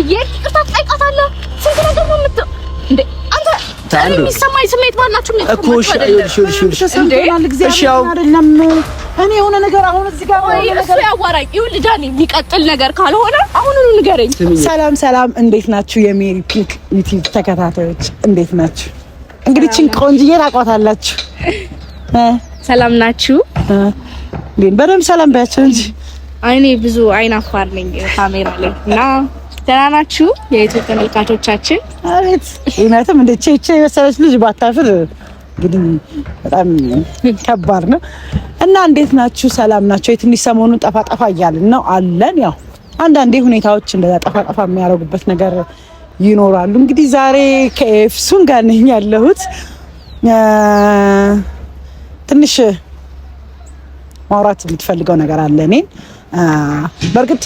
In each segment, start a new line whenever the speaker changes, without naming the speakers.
እየሄድክ ይቅርታ ትጠይቃታለህ። ስንት ነገር ነው የምት እንደ አንተ እኔ የሚሰማኝ ስሜት ባላችሁ
ነው እኮ። እሺ እሺ እሺ ተሰምቶናል። አይደለም
እኔ የሆነ ነገር አሁን እዚህ ጋር እሱ ያዋራኝ ይሁን ልዳን የሚቀጥል ነገር ካልሆነ አሁኑኑ ንገረኝ።
ሰላም ሰላም፣ እንዴት ናችሁ? የሜሪ ፒንክ ዩቲዩብ ተከታታዮች እንዴት ናችሁ? እንግዲህ ቺን ቆንጅዬ ታውቋታላችሁ።
ሰላም ናችሁ?
በደምብ ሰላም ባያችሁ እንጂ
እኔ ብዙ አይናፋር ነኝ ካሜራ ላይ እና ደህና ናችሁ የኢትዮጵያ ተመልካቾቻችን?
አቤት እውነትም እንደ ቼቼ የመሰለች ልጅ ባታፍር እንግዲህ በጣም ከባድ ነው እና እንዴት ናችሁ? ሰላም ናቸው? የትንሽ ሰሞኑን ጠፋጠፋ እያልን ነው አለን። ያው አንዳንዴ ሁኔታዎች እንደዛ ጠፋጠፋ የሚያደርጉበት ነገር ይኖራሉ። እንግዲህ ዛሬ ከኤፍሱን ጋር ነኝ ያለሁት ትንሽ ማውራት የምትፈልገው ነገር አለ እኔ በእርግጥ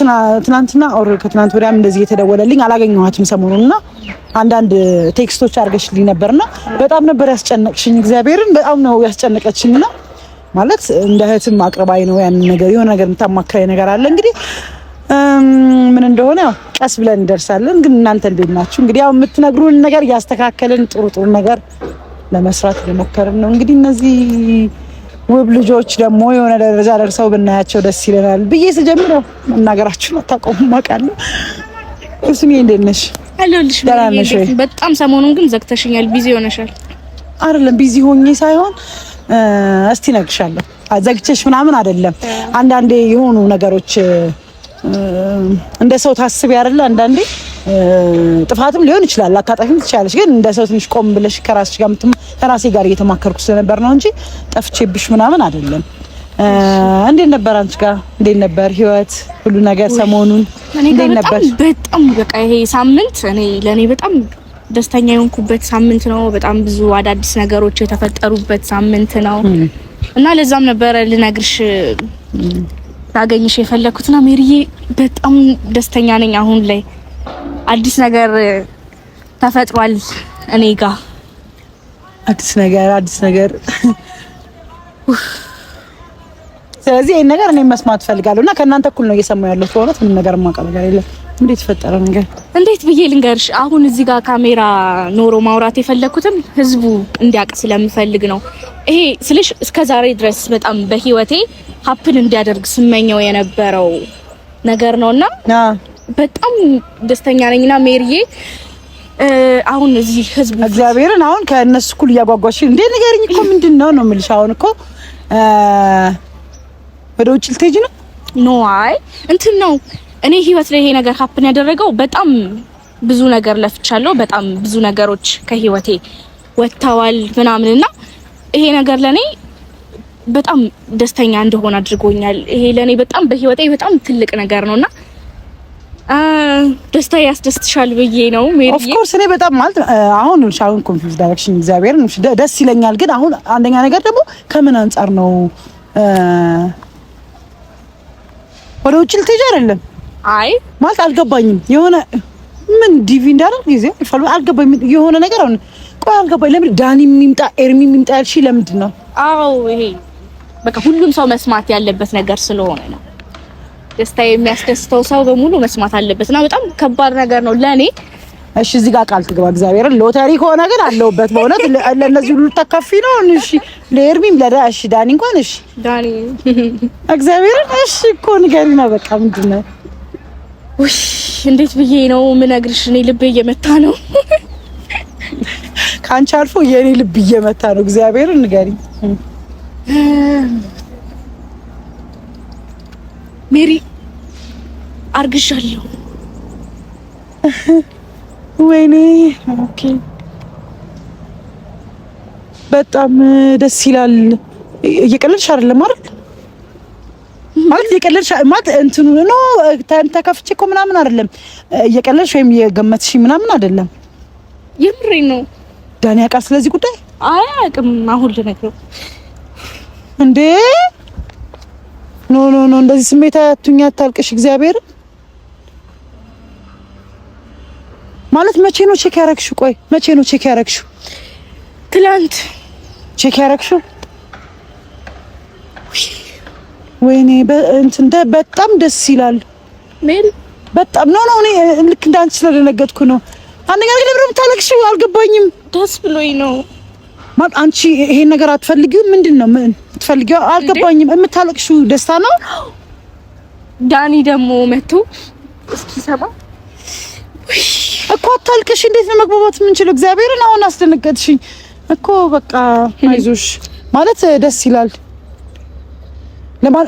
ትናንትና ኦር ከትናንት ወዲያም እንደዚህ የተደወለልኝ አላገኘኋትም ሰሞኑና አንዳንድ ቴክስቶች አድርገሽልኝ ነበርና በጣም ነበር ያስጨነቅሽኝ። እግዚአብሔርን በጣም ነው ያስጨነቀችኝና ማለት እንደ እህትም አቅርባይ ነው ያን ነገር የሆነ ነገር የምታማክራኝ ነገር አለ እንግዲህ ምን እንደሆነ ያው ቀስ ብለን እንደርሳለን። ግን እናንተ እንዴት ናችሁ? እንግዲህ ያው የምትነግሩን ነገር እያስተካከልን ጥሩ ጥሩ ነገር ለመስራት እየሞከርን ነው። እንግዲህ እነዚህ ውብ ልጆች ደግሞ የሆነ ደረጃ ደርሰው ብናያቸው ደስ ይለናል ብዬ ስጀምረው መናገራችሁን አታቆሙም ማቃለ እሱም እንዴት ነሽ?
ደህና ነሽ በጣም ሰሞኑን ግን ዘግተሽኛል፣ ቢዚ ሆነሻል።
አይደለም ቢዚ ሆኜ ሳይሆን እስቲ እነግርሻለሁ። ዘግቼሽ ምናምን አይደለም። አንዳንዴ የሆኑ ነገሮች እንደ ሰው ታስቢ አይደለ አንዳንዴ ጥፋትም ሊሆን ይችላል፣ አካጣፊም ትችላለች። ግን እንደ ሰው ትንሽ ቆም ብለሽ ከራስሽ ጋር ከራሴ ጋር እየተማከርኩ ስለነበር ነው እንጂ ጠፍቼብሽ ምናምን አይደለም። እንዴት ነበር አንቺ ጋር እንዴት ነበር ህይወት፣ ሁሉ ነገር ሰሞኑን
እንዴት ነበር? በጣም በቃ ይሄ ሳምንት እኔ ለኔ በጣም ደስተኛ የሆንኩበት ሳምንት ነው። በጣም ብዙ አዳዲስ ነገሮች የተፈጠሩበት ሳምንት ነው እና ለዛም ነበረ ልነግርሽ ላገኝሽ የፈለኩትና ሜሪዬ በጣም ደስተኛ ነኝ አሁን ላይ አዲስ ነገር ተፈጥሯል እኔ ጋር
አዲስ ነገር አዲስ ነገር። ስለዚህ ይሄን ነገር እኔ መስማት ፈልጋለሁ እና ከእናንተ እኩል ነው እየሰማሁ ያለሁት። በእውነት ምንም ነገር የማውቀው ነገር የለም። እንዴት ተፈጠረ ነገር
እንዴት ብዬ ልንገርሽ? አሁን እዚህ ጋር ካሜራ ኖሮ ማውራት የፈለኩትም ህዝቡ እንዲያውቅ ስለምፈልግ ነው። ይሄ ስልሽ እስከ ዛሬ ድረስ በጣም በህይወቴ ሀፕን እንዲያደርግ ስመኘው የነበረው ነገር ነውና በጣም ደስተኛ ነኝና ሜሪዬ አሁን እዚህ ህዝብ
እግዚአብሔርን አሁን ከእነሱ እኩል እያጓጓሽ እንዴ ንገሪኝ እኮ ምንድን ነው ነው የምልሽ። አሁን እኮ ወደ ውጭ ልትሄጂ ነው?
ኖ አይ እንትን ነው እኔ ህይወት ላይ ይሄ ነገር ሀፕን ያደረገው በጣም ብዙ ነገር ለፍቻለሁ። በጣም ብዙ ነገሮች ከህይወቴ ወጥተዋል ምናምን እና ይሄ ነገር ለእኔ በጣም ደስተኛ እንደሆነ አድርጎኛል። ይሄ ለእኔ በጣም በህይወቴ በጣም ትልቅ ነገር ነው ነውና ደስታ ያስደስትሻል ብዬ ነው። ኦፍ
ኮርስ እኔ በጣም ማለት አሁን ሻውን ኮንፊውዝ ዳይሬክሽን እግዚአብሔር ደስ ይለኛል። ግን አሁን አንደኛ ነገር ደግሞ ከምን አንጻር ነው ወደ ውጭ ልትሄጂ አይደለም? አይ ማለት አልገባኝም። የሆነ ምን ዲቪ እንዳደረግ ጊዜ አልገባኝም። የሆነ ነገር አሁን ቆይ አልገባኝ። ለምን ዳኒ የሚምጣ ኤርሚ የሚምጣ ያልሽ ለምንድን ነው?
አዎ ይሄ በቃ ሁሉም ሰው መስማት ያለበት ነገር ስለሆነ ነው። ደስታ የሚያስደስተው ሰው በሙሉ መስማት አለበት እና በጣም ከባድ ነገር ነው ለኔ።
እሺ እዚህ ጋር ቃል ትግባ እግዚአብሔርን። ሎተሪ ከሆነ ግን አለውበት በእውነት ለእነዚህ ሁሉ ተከፊ ነው። እሺ ለኤርሚም ለዳ እሺ ዳኒ እንኳን እሺ ዳኒ እግዚአብሔርን እሺ እኮ ንገሪና በቃ ምንድን ነው ውሽ እንዴት ብዬ ነው ምነግርሽ? እኔ ልብ እየመታ ነው። ከአንቺ አልፎ የእኔ ልብ እየመታ ነው። እግዚአብሔርን ንገሪኝ። ሜሪ አርግሻለሁ። ወይኔ ኦኬ። በጣም ደስ ይላል። እየቀለድሽ አይደለም አይደል? ማለት እየቀለድሽ ማለት እንትኑ ነው ተከፍቼ እኮ ምናምን አይደለም። እየቀለድሽ ወይም እየገመትሽ ምናምን አይደለም። የምሬ ነው። ዳኒ ያውቃል ስለዚህ ጉዳይ? አያውቅም። አሁን ልነግረው እንዴ ኖ ኖ ኖ፣ እንደዚህ ስሜት አያቱኛ አታልቅሽ። እግዚአብሔር ማለት መቼ ነው ቼክ ያረግሽው? ቆይ መቼ ነው ቼክ ያረግሽው? ትላንት ቼክ ያረግሽው? ወይኔ እንትን በጣም ደስ ይላል። ሜል በጣም ኖ ኖ፣ እኔ ልክ እንዳንቺ ስለደነገጥኩ ነው። አንደኛ ነገር ለምን የምታለቅሽው አልገባኝም። ደስ ብሎኝ ነው። ማለት አንቺ ይሄን ነገር አትፈልጊም? ምንድን ነው ምን የምትፈልጊው? አልገባኝም። የምታለቅሽው ደስታ ነው? ዳኒ ደግሞ መጥቶ እስኪሰማ እኮ አታልቅሽ። እንዴት ነው መግባባት የምንችለው? እግዚአብሔርን አሁን አስደነገጥሽኝ እኮ። በቃ አይዞሽ ማለት ደስ ይላል።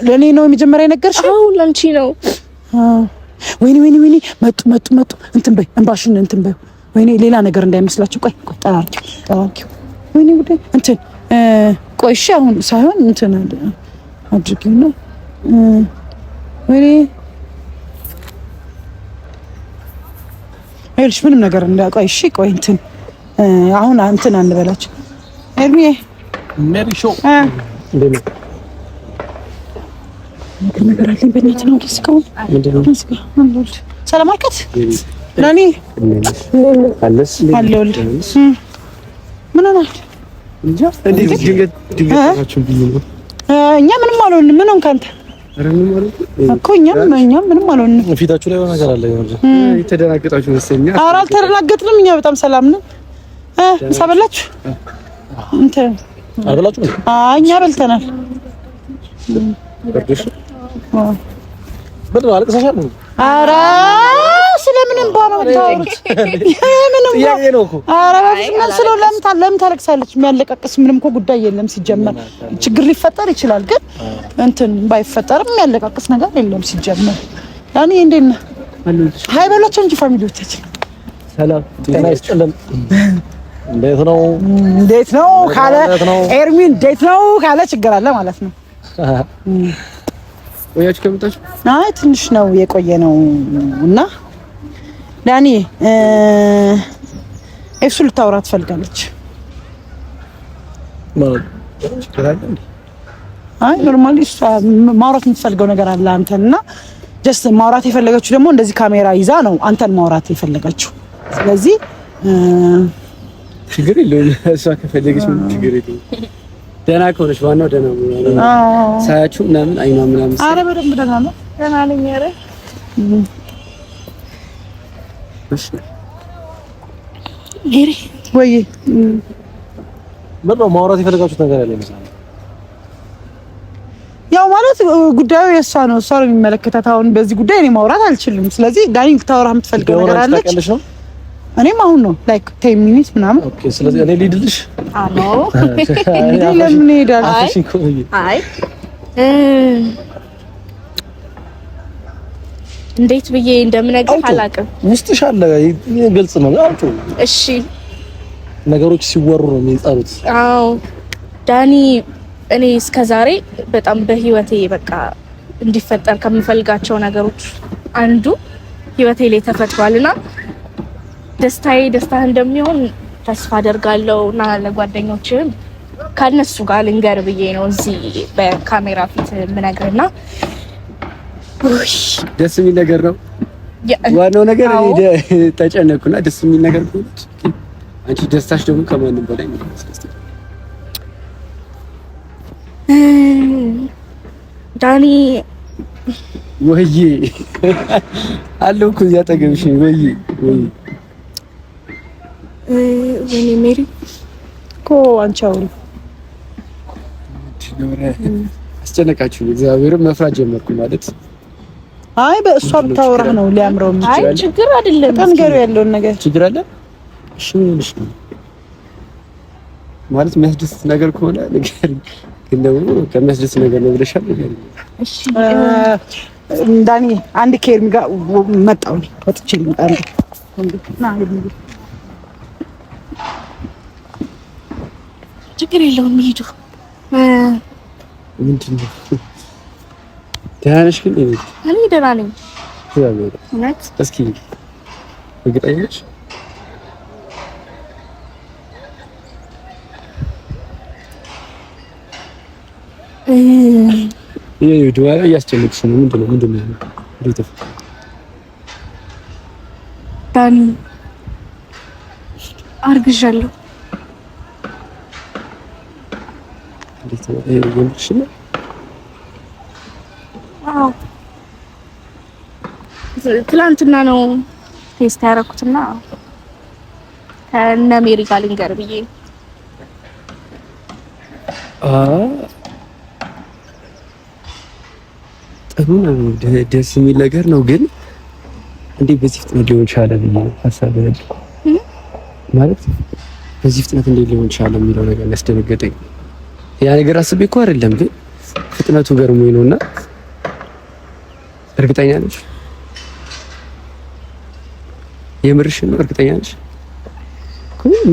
ለእኔ ነው የመጀመሪያ ነገርሽ? አዎ ለአንቺ ነው። ወይኔ ወይኔ ወይኔ፣ መጡ መጡ መጡ። እንትን በይ እንባሽን እንትን በይ። ወይኔ ሌላ ነገር እንዳይመስላችሁ። ቆይ ቆይ፣ ጠራርኪው ጠራርኪው። ወይኔ እንትን ቆይሽ አሁን ሳይሆን እንትን አድርጊው ነው ወይኔ ይኸውልሽ ምንም ነገር እንዳያውቀው። እሺ ቆይ እንትን አሁን እንትን አንበላችሁ ኤርሚ ሜሪ ሾ ነገር አለኝ። ነው ሰላም አልከት ናኒ ምን ሆናል? እኛ ምንም አልሆንም። ምን ሆንክ አንተ? ምንም አልሆንም። ፊታችሁ ላይ ነገር አለ። የተደናገጣችሁ መሰለኝ። ኧረ አልተደናገጥንም። እኛ በጣም ሰላም ነን። ምሳ በላችሁ? እኛ በልተናል። በል አልቅሰሻል። ኧረ የምን እንባ ነው የምታወሩት? የምን እንባ ነው? ኧረ እባክሽ ምን ስለው ለምን ታለቅሳለች? የሚያለቃቅስ ምንም እኮ ጉዳይ የለም። ሲጀመር ችግር ሊፈጠር ይችላል፣ ግን እንትን ባይፈጠርም የሚያለቃቅስ ነገር የለም። ሲጀመር ያኔ እንዴት ነህ? ሀይ በሏቸው እንጂ ፋሚሊዎቻችን ሰላም ጤና ይስጥልን። እንዴት ነው እንዴት ነው ካለ ኤርሚ እንዴት ነው ካለ ችግር አለ ማለት ነው። ቆያችሁ ከመጣችሁ? አይ ትንሽ ነው የቆየ ነው እና ዳኒ እሱ ልታወራ ትፈልጋለች። አይ ኖርማሊ እሷ ማውራት የምትፈልገው ነገር አለ አንተን እና ጀስት ማውራት የፈለገችው ደግሞ እንደዚህ ካሜራ ይዛ ነው አንተን ማውራት የፈለገችው። ስለዚህ ችግር የለውም እሷ ከፈለገች ምን ችግር የለውም። ደህና ከሆነች ዋናው ደህና ነው። ሳያችሁ ምናምን አይኗ ምናምን ኧረ በደንብ ደህና ነው። ደህና ነኝ ኧረ ወይ ምነው ማውራት የፈለጋችሁት ነገር ያለ ይመስላል። ያው ማለት ጉዳዩ የእሷ ነው፣ እሷ ነው የሚመለከታት። አሁን በዚህ ጉዳይ እኔ ማውራት አልችልም። ስለዚህ ዳኒንግ ታወራ የምትፈልገው ነገር አለች። እኔም አሁን ነው ላይክ ቴን ሚኒት ምናምን። ኦኬ ስለዚህ እኔ ልሂድልሽ። አዎ እንዴ ለምን ሄዳለሽ? አይ እንዴት ብዬ እንደምነግርህ አላውቅም። ውስጥሽ አለ፣ ግልጽ ነው። አውጡ። እሺ፣ ነገሮች ሲወሩ ነው የሚጠሩት። አዎ ዳኒ፣ እኔ እስከዛሬ በጣም በህይወቴ በቃ እንዲፈጠር ከምፈልጋቸው ነገሮች አንዱ ህይወቴ ላይ ተፈጥሯልና ደስታዬ ደስታ እንደሚሆን ተስፋ አደርጋለሁ እና ለጓደኞችም ከነሱ ጋር ልንገር ብዬ ነው እዚህ በካሜራ ፊት የምነግርህ ደስ የሚል ነገር ነው። ዋናው ነገር እኔ ተጨነኩና ደስ የሚል ነገር ሆነች። አንቺ ደስታሽ ደግሞ ከማንም በላይ ዳኒ ወይ አለሁ እኮ እዚያ አጠገብሽ። ወይ ወይ ወይኔ ሜሪ እኮ አንቺ አውሪው አስጨነቃችሁ። እግዚአብሔርን መፍራት ጀመርኩ ማለት አይ በእሷ ብታወራህ ነው ሊያምረው የሚችል። አይ ችግር አይደለም። ገሩ ያለውን ነገር ችግር አለ። እሺ ምንሽ ነው ማለት የሚያስደስት ነገር ከሆነ ነገር ግን ደግሞ ከሚያስደስት ነገር ነው ብለሻል። ነገር እሺ ዳኒ አንድ ኬር ጋር መጣው ወጥቼ ልምጣ። ችግር የለውም። ሄዱ ምንድን ነው ደህና ነሽ ግን? እኔ ደህና ነኝ። እስኪ እርግጠኛ ነሽ? ድዋላ እያስጨነቅሽ ነው። ምንድን ነው ምንድን ነው? ዳኒ አርግዣለሁ። ትላንትና ነው ቴስት ያደረኩትና ከነ ሜሪ ጋር ልንገር ብዬ ጥሩ ነው። ደስ የሚል ነገር ነው። ግን እንዴ በዚህ ፍጥነት ሊሆን ቻለ ብዬ ሀሳብ ማለት በዚህ ፍጥነት እንዴ ሊሆን ቻለ የሚለው ነገር ያስደነገጠኝ ያ ነገር አስቤ እኮ አይደለም፣ ግን ፍጥነቱ ገርሞኝ ነውና እርግጠኛ ነች የምርሽ ነው? እርግጠኛ ነሽ?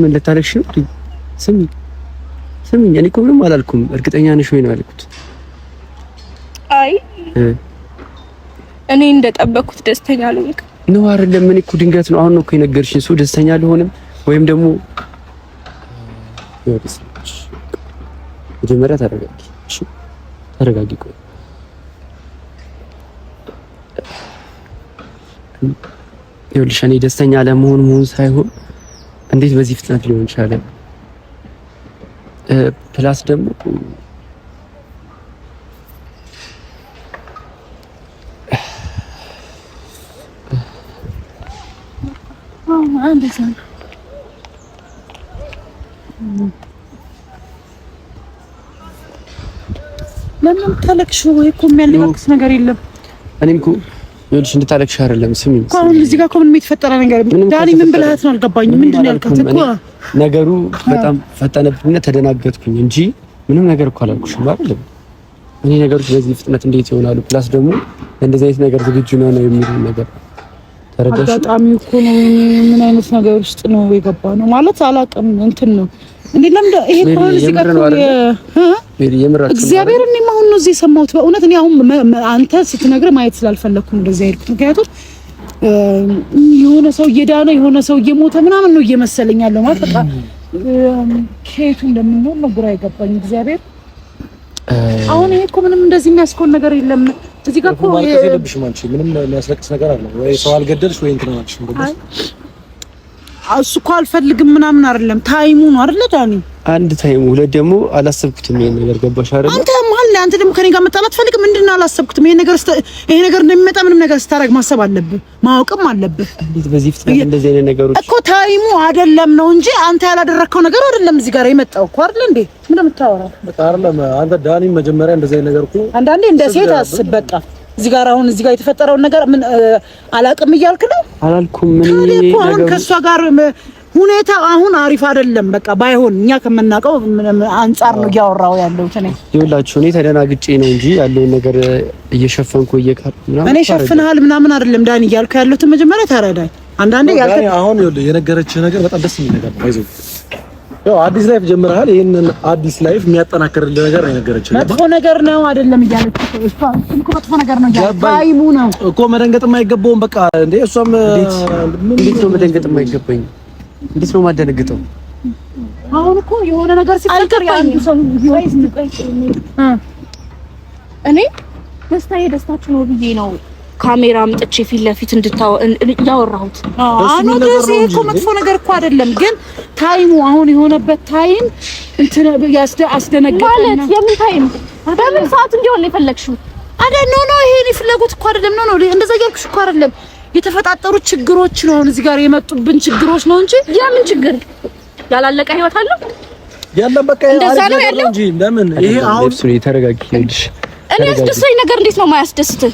ምን ልታለቅሽ ነው? ስሚ ስሚ፣ እኔ እኮ ምንም አላልኩም። እርግጠኛ ነሽ ወይ ነው ያልኩት። አይ እኔ እንደጠበኩት ደስተኛ ልሆንክ ነው አይደለም? እኔ እኮ ድንገት ነው አሁን ነው እኮ የነገርሽኝ። እሱ ደስተኛ ልሆንም ወይም ደግሞ መጀመሪያ ተረጋጊ፣ እሺ ተረጋጊ። ቆይ ይኸውልሽ እኔ ደስተኛ ለመሆን መሆን ሳይሆን እንዴት በዚህ ፍጥነት ሊሆን ይችላል? ፕላስ ደግሞ ለምን ታለቅሽ? ወይ እኮ የሚያለቅስ ነገር የለም። እኔም እኮ ይኸውልሽ እንድታለቅሽ አይደለም። ስሚ እኮ አሁን እዚህ ጋር እኮ ምንም የተፈጠረ ነገር ዳኒ፣ ምን ብለሃት ነው አልገባኝም። ምንድን ነው ያልከት? እኮ ነገሩ በጣም ፈጠነብኝና ተደናገጥኩኝ እንጂ ምንም ነገር እኮ አላልኩሽም አይደለም። እኔ ነገሮች በዚህ ፍጥነት እንዴት ይሆናሉ? ፕላስ ደግሞ እንደዚህ አይነት ነገር ዝግጁ ነው ነው የሚሉ ነገር ተረዳሽ? አጋጣሚ እኮ ነው። ምን አይነት ነገር ውስጥ ነው የገባ ነው ማለት አላውቅም እንትን ነው እግዚአብሔር እኔ አሁን ነው እዚህ የሰማሁት። በእውነት እኔ አሁን አንተ ስትነግረህ ማየት ስላልፈለግኩ ነው እንደዚህ አይልኩት። ምክንያቱም የሆነ ሰው እየዳነ የሆነ ሰው እየሞተ ምናምን ነው እየመሰለኝ ያለው ማለት በቃ ከየቱ እንደምንሆን ነው ግራ የገባኝ። እግዚአብሔር አሁን ይሄ እኮ ምንም እንደዚህ የሚያስኮን ነገር የለም። እዚህ ጋር እኮ ምንም የሚያስለቅስ ነገር አለ ወይ ሰው አልገደልሽ ወይ እንትን አልሽ እሱ እኮ አልፈልግም ምናምን አይደለም። ታይሙ ነው አይደለ ዳኒ? አንድ ታይሙ፣ ሁለት ደግሞ አላሰብኩትም ይሄን ነገር ገባሽ አይደለ? አንተ ማለት ላይ አንተ ደግሞ ከኔ ጋር መጣላት ፈልግም ምንድን አላሰብኩትም። ይሄ ነገር ይሄ ነገር እንደሚመጣ ምንም ነገር ስታደርግ ማሰብ አለብህ፣ ማወቅም አለብህ። እንዴት በዚህ ፍጥነት እንደዚህ አይነት ነገሮች እኮ ታይሙ አይደለም ነው እንጂ አንተ ያላደረከው ነገር አይደለም እዚህ ጋር የመጣው እኮ አይደለ እንዴ? ምንም እንደምታወራው በቃ አይደለም አንተ ዳኒ፣ መጀመሪያ እንደዚህ አይነት ነገር እኮ አንዳንዴ እንደ ሴት አስብ በቃ እዚህ ጋር አሁን እዚህ ጋር የተፈጠረውን ነገር ምን አላቅም እያልክ ነው? አላልኩም። ምን ከእሷ ጋር ሁኔታ አሁን አሪፍ አይደለም። በቃ ባይሆን እኛ ከምናውቀው አንጻር ነው እያወራው ያለው። እኔ ይኸውላችሁ እኔ ተደናግጬ ነው እንጂ ያለውን ነገር እየሸፈንኩ እየቀር እኔ ሸፍንሃል ምናምን አይደለም ዳን እያልኩ ያለሁትን መጀመሪያ ተረዳኝ። አንዳንዴ ያልከ አሁን የነገረችህ ነገር በጣም ደስ የሚል ነገር ነው። ያው አዲስ ላይፍ ጀምረሃል። ይሄንን አዲስ ላይፍ የሚያጠናክርልህ ነገር ነው የነገረችኝ። መጥፎ ነገር ነው አይደለም እያለች እሷ እኮ ነገር ነው እኮ መደንገጥ አይገባውም። በቃ እንዴ እሷም እንዴት ነው መደንገጥም አይገባኝ? እንዴት ነው ማደነግጠው? አሁን እኮ የሆነ ነገር ሲፈጠር ያንዱ ሰው እኔ ደስታዬ ደስታችሁ ነው ብዬ ነው ካሜራ አምጥቼ ፊት ለፊት እያወራሁት አሁን ድረስ ይሄ እኮ መጥፎ ነገር እኮ አይደለም፣ ግን ታይሙ አሁን የሆነበት ታይም እንትን አስደነገጠ ማለት የምን ታይም በምን ሰዓት እንዲሆን ነው የፈለግሽው? አደ ኖ ኖ ይሄን ፍላጎት እኮ አይደለም። ኖ ኖ እንደዛ እያልኩሽ እኮ አይደለም። የተፈጣጠሩ ችግሮች ነው አሁን እዚህ ጋር የመጡብን ችግሮች ነው እንጂ የምን ችግር ያላለቀ ህይወት አለው ያለም በቃ እንደዛ ነው ያለው እንጂ ለምን ይሄ አሁን ልብሱ የተረጋግጥ ይልሽ እኔ ያስደስተኝ ነገር እንዴት ነው ማያስደስትህ?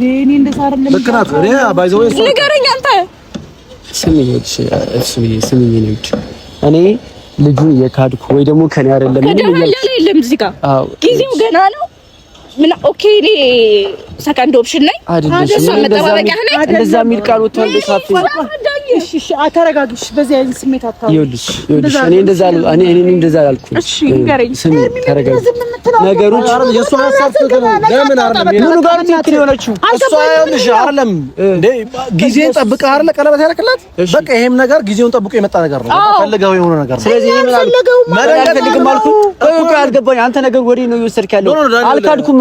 ግን እንደዛ አይደለም። ልክ እኔ አንተ ልጁን የካድኩ ወይ ደግሞ ከኔ አይደለም። ምን ይላል? ጊዜው ገና ነው ምን ኦኬ፣ እኔ ሰከንድ ኦፕሽን ነኝ። እሷ መጠባበቂያ ነኝ። እንደዛ የሚል ቃል ወጥቷል። እሺ እሺ፣ ተረጋጊሽ። በዚህ አይነት ስሜት ይኸውልሽ፣ እኔ እንደዛ አልኩ እኔ እኔ እንደዛ አልኩ። እሺ ንገረኝ። ተረጋጊ። ነገሮች የሱ ሐሳብ ሀሳብ ለምን አረም ምኑ ጋር ትክክል የሆነችው እሷ ይኸውልሽ፣ አረም እንዴ ጊዜን ጠብቀ አረለ ቀለበት ያደረክላት። በቃ ይሄም ነገር ጊዜውን ጠብቆ የመጣ ነገር ነው። ፈልገው የሆነ ነገር ነው። ስለዚህ ምን አልኩ? አልገባኝ። አንተ ነገር ወዲህ ነው የወሰድክ ያለው። አልካድኩም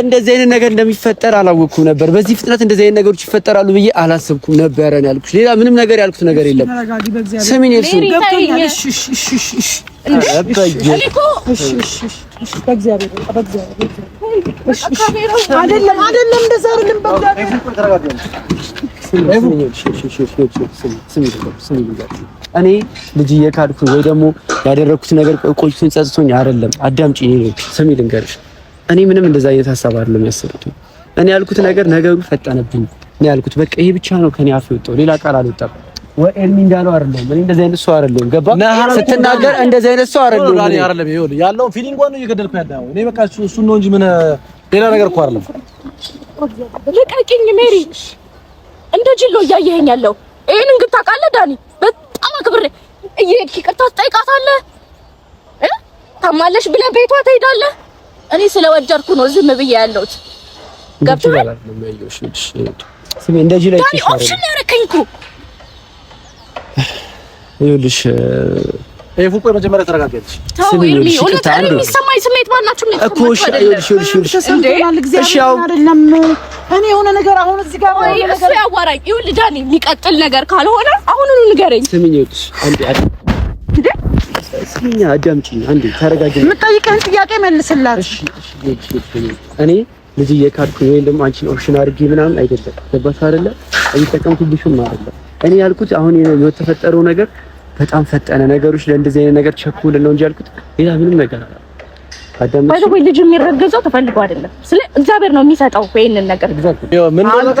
እንደዚህ አይነት ነገር እንደሚፈጠር አላወቅኩም ነበር። በዚህ ፍጥነት እንደዚህ አይነት ነገሮች ይፈጠራሉ ብዬ አላሰብኩም ነበር ነው ያልኩሽ። ሌላ ምንም ነገር ያልኩት ነገር የለም። ስሚኝ፣ እሱ እኔ ልጅ የካድኩ ወይ ደግሞ ያደረግኩት ነገር ቆይቶኝ ጸጽቶኝ አይደለም። አዳምጪ፣ ስሚ ልንገርሽ እኔ ምንም እንደዛ አይነት ሀሳብ አይደለም ያሰብኩት። እኔ ያልኩት ነገር ነገሩ ፈጠነብኝ። እኔ ያልኩት በቃ ይሄ ብቻ ነው ከኔ አፍ የወጣው፣ ሌላ ቃል አልወጣም። ወይ ኤልሚ እንዳለው አይደለም። እኔ እንደዚህ አይነት ሰው አይደለም። ገባ ስትናገር እንደዚህ አይነት ሰው አይደለም። እኔ አይደለም ይሁን ያለው ፊሊንግ ነው እየገደልኩ ያለው። እኔ በቃ እሱ ነው እንጂ ምን ሌላ ነገር እኮ አይደለም። ልቀቂኝ ሜሪ፣ እንደ ጅሎ እያየኸኝ ያለው ይሄንን ግን ታውቃለህ ዳኒ፣ በጣም አክብሬ እየሄድክ ይቅርታ ትጠይቃታለህ፣ ታማለሽ ብለህ ቤቷ ትሄዳለህ እኔ ስለወደድኩ ነው ዝም ብዬ ያለሁት። ገብቶሃል? ኦፕሽን እኮ ይኸውልሽ ይሄ መጀመሪያ የሚሰማኝ ስሜት እኮ እሺ፣ አይደለም እኔ የሆነ ነገር አሁን እዚህ ጋር ወይ እሱ ያዋራኝ ይኸውልህ፣ ዳኒ የሚቀጥል ነገር ካልሆነ አሁን ንገረኝ። ይኸውልሽ አንዴ ስሚኛ፣ አዳምጪኝ አንዴ ተረጋጊ። የምጠይቅህን ጥያቄ መልስላት። እሺ፣ እኔ ልጅ የካድኩኝ ወይም ደግሞ አንቺን ኦፕሽን አድርጌ ምናምን አይደለም። ገባሽ አይደለ? እየተጠቀምኩብሽም አይደለም። እኔ ያልኩት አሁን የተፈጠረው ነገር በጣም ፈጠነ። ነገሮች ለእንደዚህ አይነት ነገር ቸኩል ነው እንጂ ያልኩት ሌላ ምንም ነገር ባይ ወይ ልጁ የሚረገዘው ተፈልጎ አይደለም። ስለ እግዚአብሔር ነው የሚሰጠው ይሄንን ነገር ምን አንተ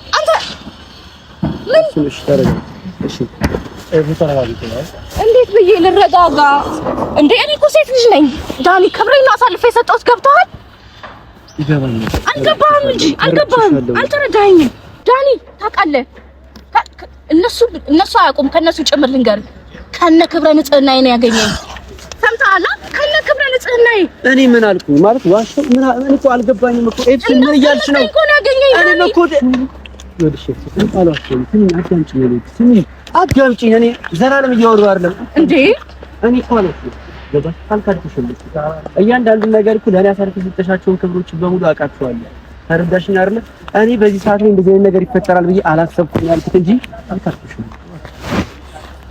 እንዴት ብዬ ልረጋጋ እንደ እኔ እኮ ሴት ልጅ ነኝ ዳኒ። ክብሬን አሳልፈ የሰጠሁት ገብተዋል። አልገባህም እንጂ አልገባህም፣ አልተረዳኸኝም ዳኒ። ታውቃለህ፣ እነሱ እነሱ አያውቁም። ከእነሱ ጭምር ልንገርህ፣ ከነ ክብረ ንጽህናዬ ነው ያገኘኝ። እኔ ምን አልኩ ማለት ዋሽ ምን እኮ አልገባኝም እኮ ኤፕስ ምን እያልሽ ነው? እኔ እኮ አትጋምጪኝ። እኔ ዘላለም እያወሩ አይደለም እንዴ? እኔ እኮ አላልኩም ገባሽ? አልካድኩሽም። ነገር እኮ ለእኔ አሳልፈሽ የሰጠሻቸውን ክብሮች በሙሉ አውቃቸዋለሁ። ተረዳሽኝ አይደለ? እኔ በዚህ ሰዓት ላይ እንደዚህ ነገር ይፈጠራል ብዬ አላሰብኩም ያልኩት እንጂ አልካድኩሽም።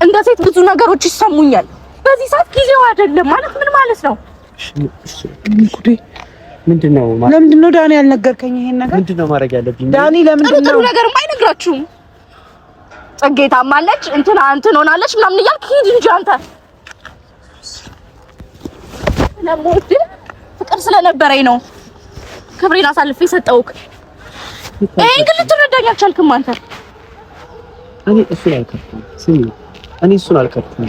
እንደ ሴት ብዙ ነገሮች ይሰሙኛል። በዚህ ሰዓት ጊዜው አይደለም ማለት ምን ማለት ነው? ምንድን ነው ለምንድን ነው ዳኒ ያልነገርከኝ? ይሄን ነገር ምንድን ነው ማድረግ ያለብኝ? ዳኒ ለምንድን ነው ጥሩ ነገርም አይነግራችሁም? ጽጌ ታማለች፣ እንትና እንትን ሆናለች ምናምን እያልክ ሂድ እንጂ አንተ ለሞት ፍቅር ስለነበረኝ ነው ክብሬን አሳልፌ ሰጠውክ። ይሄን ግን ልትረዳኝ አልቻልክም አንተ። እኔ እሱን አልከብኩም። ስሚ፣ እኔ እሱን አልከብኩም።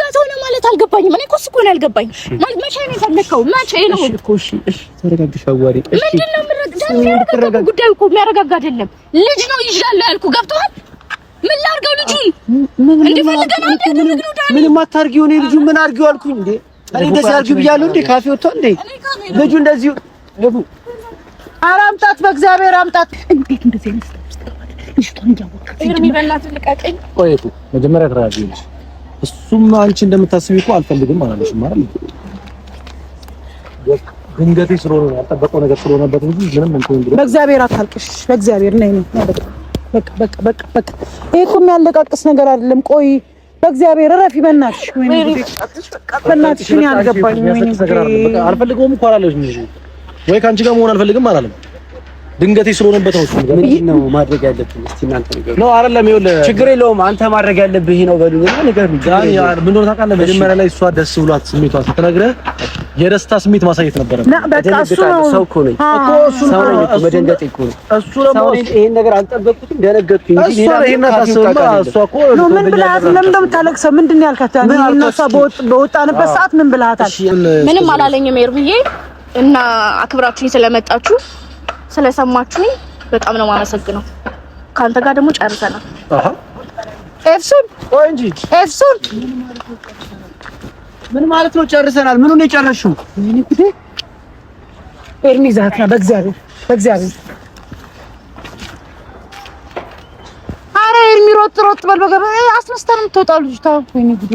አልገባኝም። እኔ እኮ እሱ እኮ ነው ያልገባኝ። መቼ ነው የፈለከው? መቼ ነው ጉዳዩ? እኮ የሚያረጋጋ አይደለም። ልጅ ነው ይዣለሁ ያልኩህ ገብቶሃል? ምን ላድርገው? ልጁን እንዲፈልገን ምንም አታርጊው። እኔ ልጁን ምን አድርጊው አልኩኝ እንዴ? እኔ እንደዚህ አድርጊው ብያለሁ እንዴ? ካፌ ወጥቶ እንዴ ልጁ እንደዚህ ልቡ ኧረ አምጣት፣ በእግዚአብሔር አምጣት። እንዴት እንደዚህ አይነት ልጅቷን እያወቅህ መጀመሪያ እሱም አንቺ እንደምታስቢ እኮ አልፈልግም አላለሽም ማለት ነው። ድንገቴ ስለሆነ ነው ያልጠበቀው ነገር ስለሆነበት እንጂ ምንም እንትን እንግዲህ በእግዚአብሔር አታልቅሽ። በእግዚአብሔር ነይ ነው በቃ በቃ በቃ በቃ። ይሄ እኮ የሚያለቃቅስ ነገር አይደለም። ቆይ በእግዚአብሔር እረፊ፣ በእናትሽ ወይኔ በእናትሽ። እኔ አልገባኝም። ወይኔ አልፈልገውም እኮ አላለሽም ወይ ከአንቺ ጋር መሆን አልፈልግም አላለም ድንገቴ ስለሆነበት ነው ማድረግ ያለብን። እስቲ እናንተ ነገር ነው አይደለም። ይኸውልህ ችግር የለውም አንተ ማድረግ ያለብህ ይሄ ነው በሉ እና ምን መጀመሪያ ላይ እሷ ደስ ብሏት ስሜቷ ስትነግረህ የደስታ ስሜት ማሳየት ነበረ። ሰው ነው ነው እኮ ነው እሱ ነው። ይሄን ነገር እንጂ ይሄን እሷ እኮ ነው ምን ብለሀት? ለምን እንደምታለቅሰው ነው በወጣንበት ሰዓት ምን ብላታል? ምንም አላለኝም። ኤርብዬ እና አክብራችሁኝ ስለመጣችሁ ስለሰማችሁኝ በጣም ነው የማመሰግነው። ከአንተ ጋር ደግሞ ጨርሰናል። አሃ ኤፍሱን ወይ እንጂ ኤፍሱን ምን ማለት ነው ጨርሰናል? ምኑን ነው የጨረሽው? ኤርሚ ዛትና በእግዚአብሔር በእግዚአብሔር አረ ኤርሚ ሮጥ ሮጥ በል በገበ አስነስተንም የምትወጣው ልጅቷ። ወይኔ ጉዴ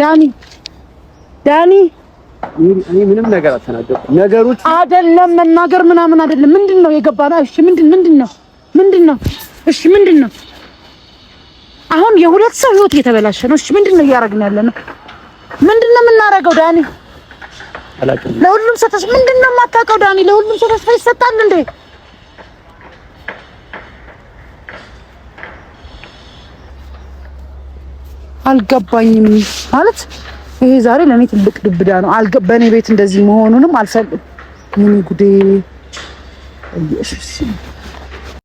ዳኒ ዳኒ እኔ ምንም ነገር አልተናገርኩም። ነገሮች አይደለም መናገር ምናምን አይደለም። ምንድን ነው የገባነው? እሺ ምንድን ምንድን ነው ምንድን ነው? እሺ ምንድን ነው? አሁን የሁለት ሰው ህይወት እየተበላሸ ነው። እሺ ምንድን ነው እያደረግን ያለ ነው? ምንድን ነው የምናደርገው ዳኒ? ለሁሉም ሰው ተስፋ ምንድን ነው የማታውቀው ዳኒ? ለሁሉም ሰው ተስፋ ይሰጣል እንዴ? አልገባኝም ማለት ይሄ ዛሬ ለእኔ ትልቅ ድብዳ ነው። አልገ በእኔ ቤት እንደዚህ መሆኑንም አልፈልግም። ምን ጉዴ!